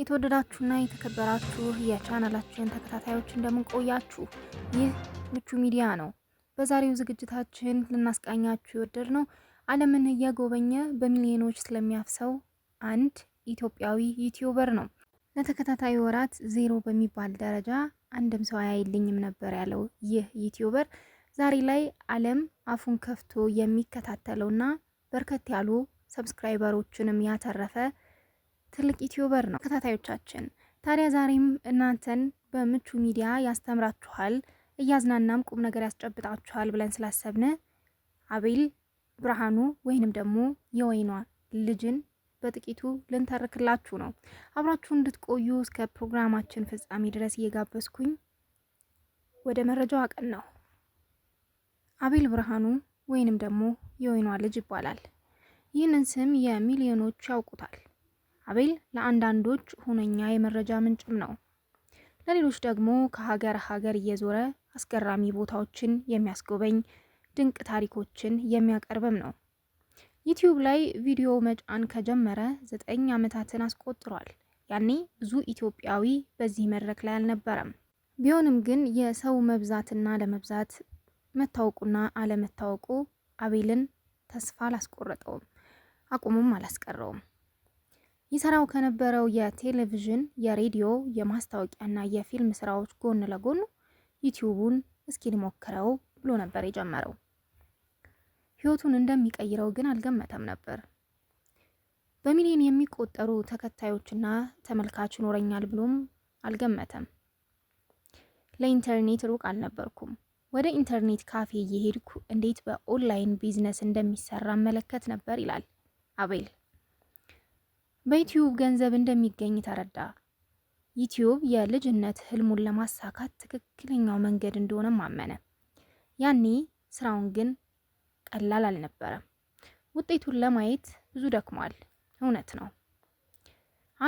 የተወደዳችሁና የተከበራችሁ የቻናላችን ተከታታዮች እንደምንቆያችሁ፣ ይህ ምቹ ሚዲያ ነው። በዛሬው ዝግጅታችን ልናስቃኛችሁ የወደድ ነው ዓለምን እየጎበኘ በሚሊዮኖች ስለሚያፍሰው አንድ ኢትዮጵያዊ ዩቲዩበር ነው። ለተከታታይ ወራት ዜሮ በሚባል ደረጃ አንድም ሰው አያይልኝም ነበር ያለው ይህ ዩቲዩበር ዛሬ ላይ ዓለም አፉን ከፍቶ የሚከታተለውና በርከት ያሉ ሰብስክራይበሮችንም ያተረፈ ትልቅ ዩቲዩበር ነው ተከታታዮቻችን። ታዲያ ዛሬም እናንተን በምቹ ሚዲያ ያስተምራችኋል፣ እያዝናናም ቁም ነገር ያስጨብጣችኋል ብለን ስላሰብነ አቤል ብርሃኑ ወይንም ደግሞ የወይኗ ልጅን በጥቂቱ ልንተርክላችሁ ነው። አብራችሁ እንድትቆዩ እስከ ፕሮግራማችን ፍጻሜ ድረስ እየጋበዝኩኝ ወደ መረጃው አቀን ነው። አቤል ብርሃኑ ወይንም ደግሞ የወይኗ ልጅ ይባላል። ይህንን ስም የሚሊዮኖች ያውቁታል። አቤል ለአንዳንዶች ሁነኛ የመረጃ ምንጭም ነው። ለሌሎች ደግሞ ከሀገር ሀገር እየዞረ አስገራሚ ቦታዎችን የሚያስጎበኝ ድንቅ ታሪኮችን የሚያቀርብም ነው። ዩቲዩብ ላይ ቪዲዮ መጫን ከጀመረ ዘጠኝ ዓመታትን አስቆጥሯል። ያኔ ብዙ ኢትዮጵያዊ በዚህ መድረክ ላይ አልነበረም። ቢሆንም ግን የሰው መብዛትና ለመብዛት መታወቁና አለመታወቁ አቤልን ተስፋ አላስቆረጠውም፣ አቁሙም አላስቀረውም። ይሰራው ከነበረው የቴሌቪዥን፣ የሬዲዮ፣ የማስታወቂያና የፊልም ስራዎች ጎን ለጎን ዩቲዩቡን እስኪ ሊሞክረው ብሎ ነበር የጀመረው። ህይወቱን እንደሚቀይረው ግን አልገመተም ነበር። በሚሊዮን የሚቆጠሩ ተከታዮችና ተመልካች ይኖረኛል ብሎም አልገመተም። ለኢንተርኔት ሩቅ አልነበርኩም። ወደ ኢንተርኔት ካፌ እየሄድኩ እንዴት በኦንላይን ቢዝነስ እንደሚሰራ መለከት ነበር ይላል አቤል። በዩትዩብ ገንዘብ እንደሚገኝ ተረዳ። ዩትዩብ የልጅነት ህልሙን ለማሳካት ትክክለኛው መንገድ እንደሆነም አመነ። ያኔ ስራውን ግን ቀላል አልነበረም። ውጤቱን ለማየት ብዙ ደክሟል። እውነት ነው።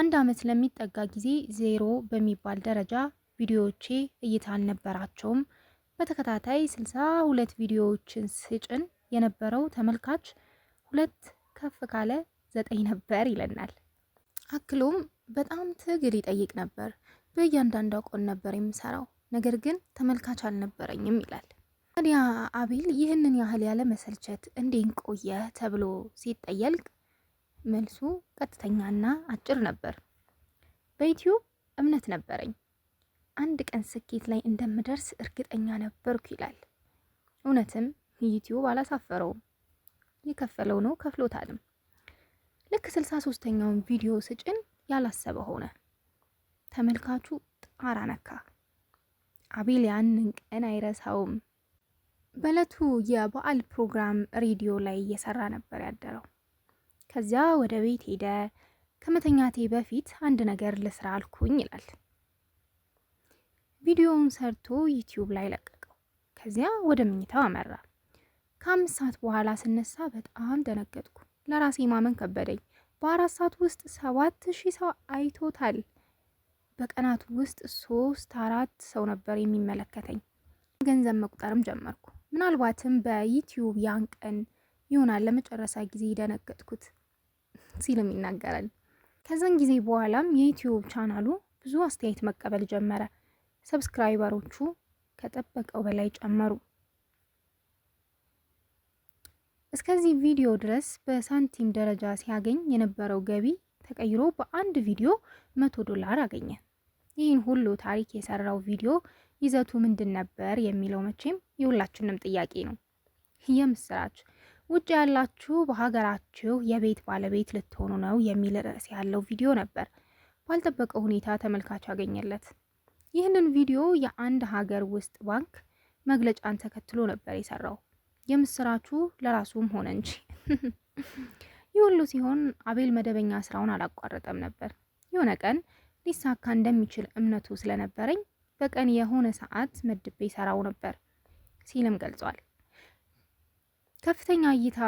አንድ አመት ለሚጠጋ ጊዜ ዜሮ በሚባል ደረጃ ቪዲዮዎቼ እይታ አልነበራቸውም። በተከታታይ ስልሳ ሁለት ቪዲዮዎችን ስጭን የነበረው ተመልካች ሁለት ከፍ ካለ ዘጠኝ ነበር ይለናል። አክሎም በጣም ትግል ይጠይቅ ነበር። በእያንዳንዷ ቆን ነበር የምሰራው፣ ነገር ግን ተመልካች አልነበረኝም ይላል። ታዲያ አቤል ይህንን ያህል ያለ መሰልቸት እንዴን ቆየ ተብሎ ሲጠየልቅ መልሱ ቀጥተኛና አጭር ነበር። በዩትዩብ እምነት ነበረኝ፣ አንድ ቀን ስኬት ላይ እንደምደርስ እርግጠኛ ነበርኩ ይላል። እውነትም ዩትዩብ አላሳፈረውም፣ የከፈለው ነው ከፍሎታልም። ልክ ስልሳ ሶስተኛውን ቪዲዮ ስጭን ያላሰበ ሆነ። ተመልካቹ ጣራ ነካ። አቤል ያንን ቀን አይረሳውም። በእለቱ የበዓል ፕሮግራም ሬዲዮ ላይ እየሰራ ነበር ያደረው። ከዚያ ወደ ቤት ሄደ። ከመተኛቴ በፊት አንድ ነገር ልስራ አልኩኝ ይላል። ቪዲዮውን ሰርቶ ዩቲዩብ ላይ ለቀቀው። ከዚያ ወደ መኝታው አመራ። ከአምስት ሰዓት በኋላ ስነሳ በጣም ደነገጥኩ። ለራሴ ማመን ከበደኝ። በአራት ሰዓት ውስጥ ሰባት ሺህ ሰው አይቶታል። በቀናት ውስጥ ሶስት አራት ሰው ነበር የሚመለከተኝ። ገንዘብ መቁጠርም ጀመርኩ። ምናልባትም በዩትዩብ ያን ቀን ይሆናል ለመጨረሻ ጊዜ የደነገጥኩት ሲልም ይናገራል። ከዛን ጊዜ በኋላም የዩትዩብ ቻናሉ ብዙ አስተያየት መቀበል ጀመረ። ሰብስክራይበሮቹ ከጠበቀው በላይ ጨመሩ። እስከዚህ ቪዲዮ ድረስ በሳንቲም ደረጃ ሲያገኝ የነበረው ገቢ ተቀይሮ በአንድ ቪዲዮ መቶ ዶላር አገኘ። ይህን ሁሉ ታሪክ የሰራው ቪዲዮ ይዘቱ ምንድን ነበር የሚለው መቼም የሁላችንም ጥያቄ ነው። የምስራች! ውጭ ያላችሁ በሀገራችሁ የቤት ባለቤት ልትሆኑ ነው የሚል ርዕስ ያለው ቪዲዮ ነበር። ባልጠበቀ ሁኔታ ተመልካች አገኘለት። ይህንን ቪዲዮ የአንድ ሀገር ውስጥ ባንክ መግለጫን ተከትሎ ነበር የሰራው። የምስራቹ ለራሱም ሆነ እንጂ። ይህ ሁሉ ሲሆን አቤል መደበኛ ስራውን አላቋረጠም ነበር። የሆነ ቀን ሊሳካ እንደሚችል እምነቱ ስለነበረኝ በቀን የሆነ ሰዓት መድቤ ሰራው ነበር ሲልም ገልጿል። ከፍተኛ እይታ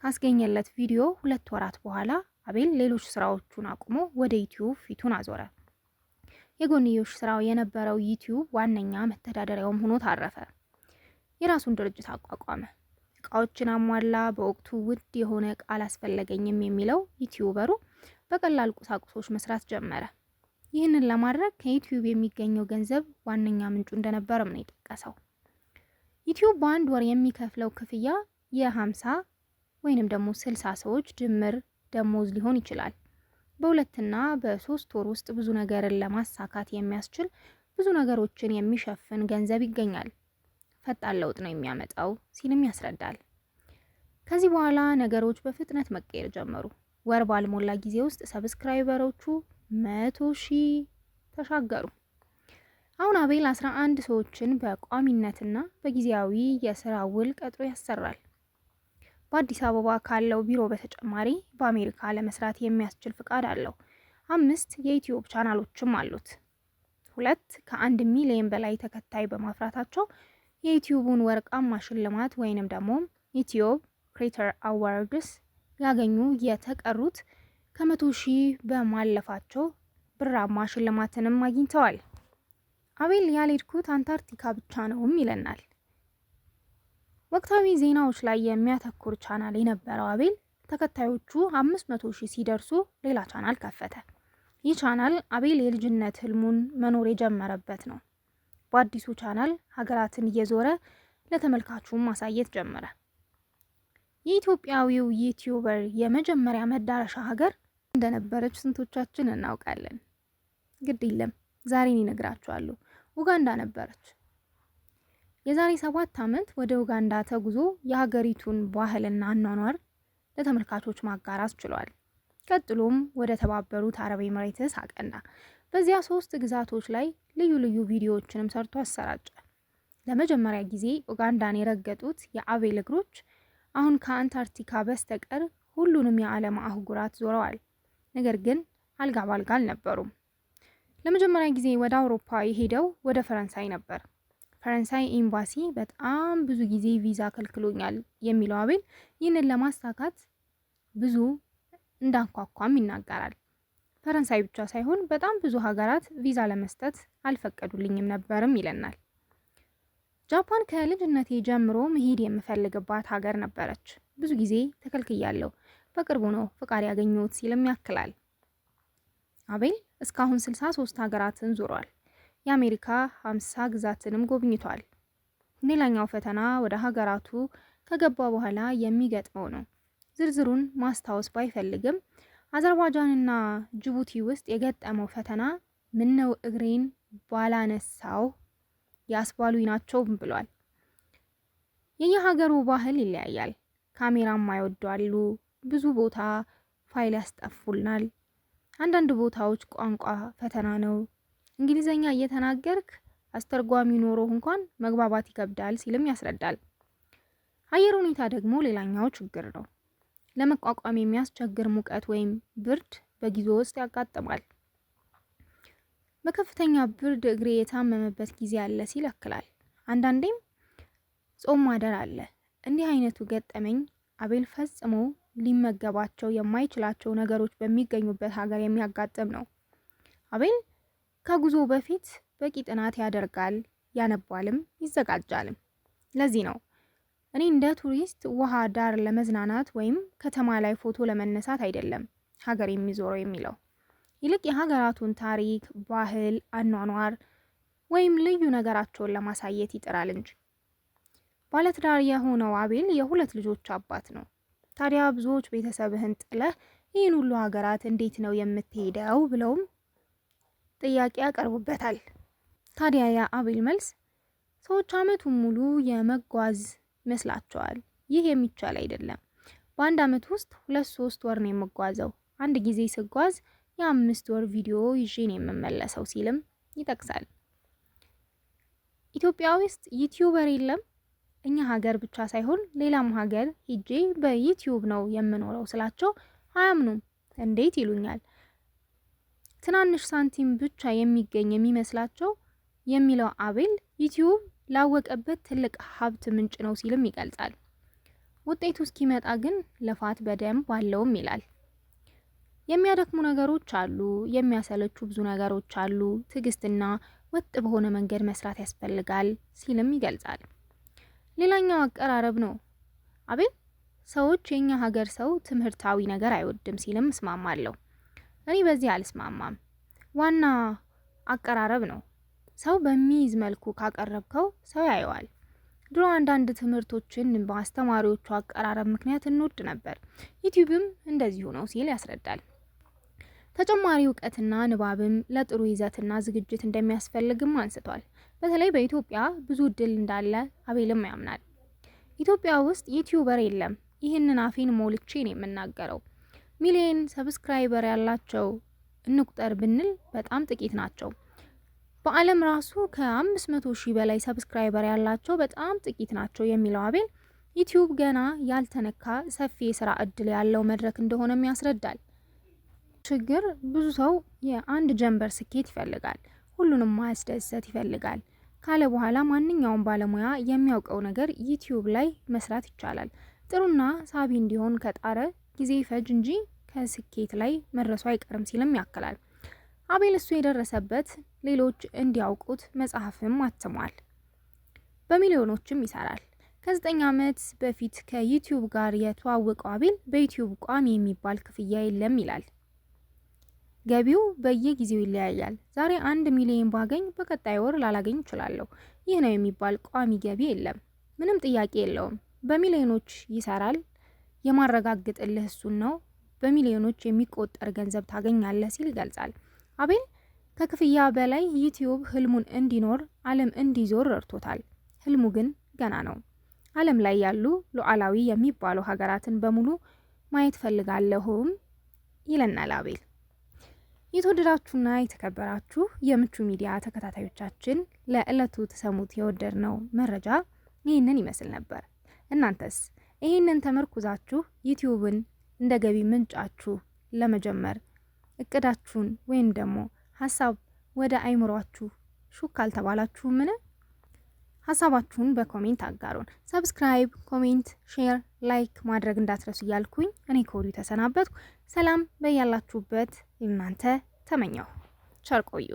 ካስገኘለት ቪዲዮ ሁለት ወራት በኋላ አቤል ሌሎች ስራዎቹን አቁሞ ወደ ዩቲዩብ ፊቱን አዞረ። የጎንዮሽ ስራው የነበረው ዩቲዩብ ዋነኛ መተዳደሪያውም ሆኖ ታረፈ። የራሱን ድርጅት አቋቋመ። እቃዎችን አሟላ። በወቅቱ ውድ የሆነ እቃ አላስፈለገኝም የሚለው ዩቲዩበሩ በቀላል ቁሳቁሶች መስራት ጀመረ። ይህንን ለማድረግ ከዩቲዩብ የሚገኘው ገንዘብ ዋነኛ ምንጩ እንደነበረም ነው የጠቀሰው። ዩቲዩብ በአንድ ወር የሚከፍለው ክፍያ የሀምሳ ወይንም ደግሞ ስልሳ ሰዎች ድምር ደሞዝ ሊሆን ይችላል። በሁለትና በሶስት ወር ውስጥ ብዙ ነገርን ለማሳካት የሚያስችል ብዙ ነገሮችን የሚሸፍን ገንዘብ ይገኛል። ፈጣን ለውጥ ነው የሚያመጣው ሲልም ያስረዳል። ከዚህ በኋላ ነገሮች በፍጥነት መቀየር ጀመሩ። ወር ባልሞላ ጊዜ ውስጥ ሰብስክራይበሮቹ መቶ ሺህ ተሻገሩ። አሁን አቤል አስራ አንድ ሰዎችን በቋሚነትና በጊዜያዊ የስራ ውል ቀጥሮ ያሰራል። በአዲስ አበባ ካለው ቢሮ በተጨማሪ በአሜሪካ ለመስራት የሚያስችል ፍቃድ አለው። አምስት የዩትዩብ ቻናሎችም አሉት። ሁለት ከአንድ ሚሊዮን በላይ ተከታይ በማፍራታቸው የዩቲዩቡን ወርቃማ ሽልማት ወይንም ደግሞ ዩቲዩብ ክሬተር አዋርድስ ያገኙ የተቀሩት ከመቶ ሺህ በማለፋቸው ብራማ ሽልማትንም አግኝተዋል። አቤል ያልሄድኩት አንታርክቲካ ብቻ ነውም ይለናል። ወቅታዊ ዜናዎች ላይ የሚያተኩር ቻናል የነበረው አቤል ተከታዮቹ አምስት መቶ ሺህ ሲደርሱ ሌላ ቻናል ከፈተ። ይህ ቻናል አቤል የልጅነት ህልሙን መኖር የጀመረበት ነው። በአዲሱ ቻናል ሀገራትን እየዞረ ለተመልካቹም ማሳየት ጀመረ። የኢትዮጵያዊው ዩቲዩበር የመጀመሪያ መዳረሻ ሀገር እንደነበረች ስንቶቻችን እናውቃለን? ግድ የለም ዛሬን ይነግራችኋለሁ። ኡጋንዳ ነበረች። የዛሬ ሰባት ዓመት ወደ ኡጋንዳ ተጉዞ የሀገሪቱን ባህልና አኗኗር ለተመልካቾች ማጋራት ችሏል። ቀጥሎም ወደ ተባበሩት አረብ ኤምሬትስ አቀና። በዚያ ሶስት ግዛቶች ላይ ልዩ ልዩ ቪዲዮዎችንም ሰርቶ አሰራጨ። ለመጀመሪያ ጊዜ ኡጋንዳን የረገጡት የአቤል እግሮች አሁን ከአንታርክቲካ በስተቀር ሁሉንም የዓለም አህጉራት ዞረዋል። ነገር ግን አልጋ ባልጋ አልነበሩም። ለመጀመሪያ ጊዜ ወደ አውሮፓ የሄደው ወደ ፈረንሳይ ነበር። ፈረንሳይ ኤምባሲ በጣም ብዙ ጊዜ ቪዛ ከልክሎኛል የሚለው አቤል ይህንን ለማሳካት ብዙ እንዳንኳኳም ይናገራል። ፈረንሳይ ብቻ ሳይሆን በጣም ብዙ ሀገራት ቪዛ ለመስጠት አልፈቀዱልኝም ነበርም ይለናል። ጃፓን ከልጅነቴ ጀምሮ መሄድ የምፈልግባት ሀገር ነበረች። ብዙ ጊዜ ተከልክያለሁ፣ በቅርቡ ነው ፍቃድ ያገኘሁት ሲልም ያክላል። አቤል እስካሁን 63 ሀገራትን ዙሯል። የአሜሪካ 50 ግዛትንም ጎብኝቷል። ሌላኛው ፈተና ወደ ሀገራቱ ከገባ በኋላ የሚገጥመው ነው። ዝርዝሩን ማስታወስ ባይፈልግም አዘርባጃንና ጅቡቲ ውስጥ የገጠመው ፈተና ምነው እግሬን ባላነሳው ያስባሉኝ ናቸው ብሏል። የየሀገሩ ባህል ይለያያል። ካሜራም አይወዷሉ። ብዙ ቦታ ፋይል ያስጠፉልናል። አንዳንድ ቦታዎች ቋንቋ ፈተና ነው። እንግሊዘኛ እየተናገርክ አስተርጓሚ ኖሮህ እንኳን መግባባት ይከብዳል ሲልም ያስረዳል። አየር ሁኔታ ደግሞ ሌላኛው ችግር ነው። ለመቋቋም የሚያስቸግር ሙቀት ወይም ብርድ በጊዞ ውስጥ ያጋጥማል። በከፍተኛ ብርድ እግሬ የታመመበት ጊዜ አለ ሲል ያክላል። አንዳንዴም ጾም ማደር አለ። እንዲህ አይነቱ ገጠመኝ አቤል ፈጽሞ ሊመገባቸው የማይችላቸው ነገሮች በሚገኙበት ሀገር የሚያጋጥም ነው። አቤል ከጉዞ በፊት በቂ ጥናት ያደርጋል፣ ያነባልም ይዘጋጃልም። ለዚህ ነው እኔ እንደ ቱሪስት ውሃ ዳር ለመዝናናት ወይም ከተማ ላይ ፎቶ ለመነሳት አይደለም ሀገር የሚዞረው የሚለው ይልቅ የሀገራቱን ታሪክ፣ ባህል፣ አኗኗር ወይም ልዩ ነገራቸውን ለማሳየት ይጥራል እንጂ። ባለትዳር የሆነው አቤል የሁለት ልጆች አባት ነው። ታዲያ ብዙዎች ቤተሰብህን ጥለህ ይህን ሁሉ ሀገራት እንዴት ነው የምትሄደው ብለውም ጥያቄ ያቀርቡበታል። ታዲያ የአቤል መልስ ሰዎች ዓመቱን ሙሉ የመጓዝ ይመስላችኋል ይህ የሚቻል አይደለም። በአንድ አመት ውስጥ ሁለት ሶስት ወር ነው የምጓዘው። አንድ ጊዜ ስጓዝ የአምስት ወር ቪዲዮ ይዤ ነው የምመለሰው ሲልም ይጠቅሳል። ኢትዮጵያ ውስጥ ዩቲዩበር የለም። እኛ ሀገር ብቻ ሳይሆን ሌላም ሀገር ሄጄ በዩቲዩብ ነው የምኖረው ስላቸው አያምኑም። እንዴት ይሉኛል። ትናንሽ ሳንቲም ብቻ የሚገኝ የሚመስላቸው የሚለው አቤል ዩቲዩብ ላወቀበት ትልቅ ሀብት ምንጭ ነው ሲልም ይገልጻል። ውጤቱ እስኪመጣ ግን ልፋት በደንብ አለውም ይላል። የሚያደክሙ ነገሮች አሉ፣ የሚያሰለቹ ብዙ ነገሮች አሉ። ትዕግስትና ወጥ በሆነ መንገድ መስራት ያስፈልጋል ሲልም ይገልጻል። ሌላኛው አቀራረብ ነው። አቤት ሰዎች የኛ ሀገር ሰው ትምህርታዊ ነገር አይወድም ሲልም እስማማለሁ። እኔ በዚህ አልስማማም። ዋና አቀራረብ ነው። ሰው በሚይዝ መልኩ ካቀረብከው ሰው ያየዋል። ድሮ አንዳንድ ትምህርቶችን በአስተማሪዎቹ አቀራረብ ምክንያት እንወድ ነበር። ዩቲዩብም እንደዚሁ ነው ሲል ያስረዳል። ተጨማሪ እውቀትና ንባብም ለጥሩ ይዘትና ዝግጅት እንደሚያስፈልግም አንስቷል። በተለይ በኢትዮጵያ ብዙ እድል እንዳለ አቤልም ያምናል። ኢትዮጵያ ውስጥ ዩቲዩበር የለም፣ ይህንን አፌን ሞልቼ ነው የምናገረው። ሚሊየን ሰብስክራይበር ያላቸው እንቁጠር ብንል በጣም ጥቂት ናቸው። በዓለም ራሱ ከ500 ሺህ በላይ ሰብስክራይበር ያላቸው በጣም ጥቂት ናቸው የሚለው አቤል ዩቲዩብ ገና ያልተነካ ሰፊ የስራ እድል ያለው መድረክ እንደሆነም ያስረዳል። ችግር ብዙ ሰው የአንድ ጀንበር ስኬት ይፈልጋል፣ ሁሉንም ማስደሰት ይፈልጋል ካለ በኋላ ማንኛውም ባለሙያ የሚያውቀው ነገር ዩቲዩብ ላይ መስራት ይቻላል። ጥሩና ሳቢ እንዲሆን ከጣረ ጊዜ ፈጅ እንጂ ከስኬት ላይ መድረሱ አይቀርም ሲልም ያክላል። አቤል እሱ የደረሰበት ሌሎች እንዲያውቁት መጽሐፍም አትሟል። በሚሊዮኖችም ይሰራል። ከዘጠኝ ዓመት በፊት ከዩቲዩብ ጋር የተዋወቀው አቤል በዩቲዩብ ቋሚ የሚባል ክፍያ የለም ይላል። ገቢው በየጊዜው ይለያያል። ዛሬ አንድ ሚሊዮን ባገኝ በቀጣይ ወር ላላገኝ እችላለሁ። ይህ ነው የሚባል ቋሚ ገቢ የለም። ምንም ጥያቄ የለውም። በሚሊዮኖች ይሰራል። የማረጋግጥልህ እሱን ነው። በሚሊዮኖች የሚቆጠር ገንዘብ ታገኛለህ ሲል ይገልጻል። አቤል ከክፍያ በላይ ዩቲዩብ ህልሙን እንዲኖር ዓለም እንዲዞር ረድቶታል። ህልሙ ግን ገና ነው። ዓለም ላይ ያሉ ሉዓላዊ የሚባሉ ሀገራትን በሙሉ ማየት ፈልጋለሁም ይለናል አቤል። የተወደዳችሁና የተከበራችሁ የምቹ ሚዲያ ተከታታዮቻችን ለዕለቱ ተሰሙት የወደድነው መረጃ ይህንን ይመስል ነበር። እናንተስ ይህንን ተመርኩዛችሁ ዩቲዩብን እንደ ገቢ ምንጫችሁ ለመጀመር እቅዳችሁን ወይም ደግሞ ሀሳብ ወደ አይምሯችሁ ሹክ አልተባላችሁ ምን ሀሳባችሁን በኮሜንት አጋሩን። ሰብስክራይብ፣ ኮሜንት፣ ሼር፣ ላይክ ማድረግ እንዳትረሱ እያልኩኝ እኔ ከወዲሁ ተሰናበትኩ። ሰላም በያላችሁበት እናንተ ተመኘሁ። ቸር ቆዩ።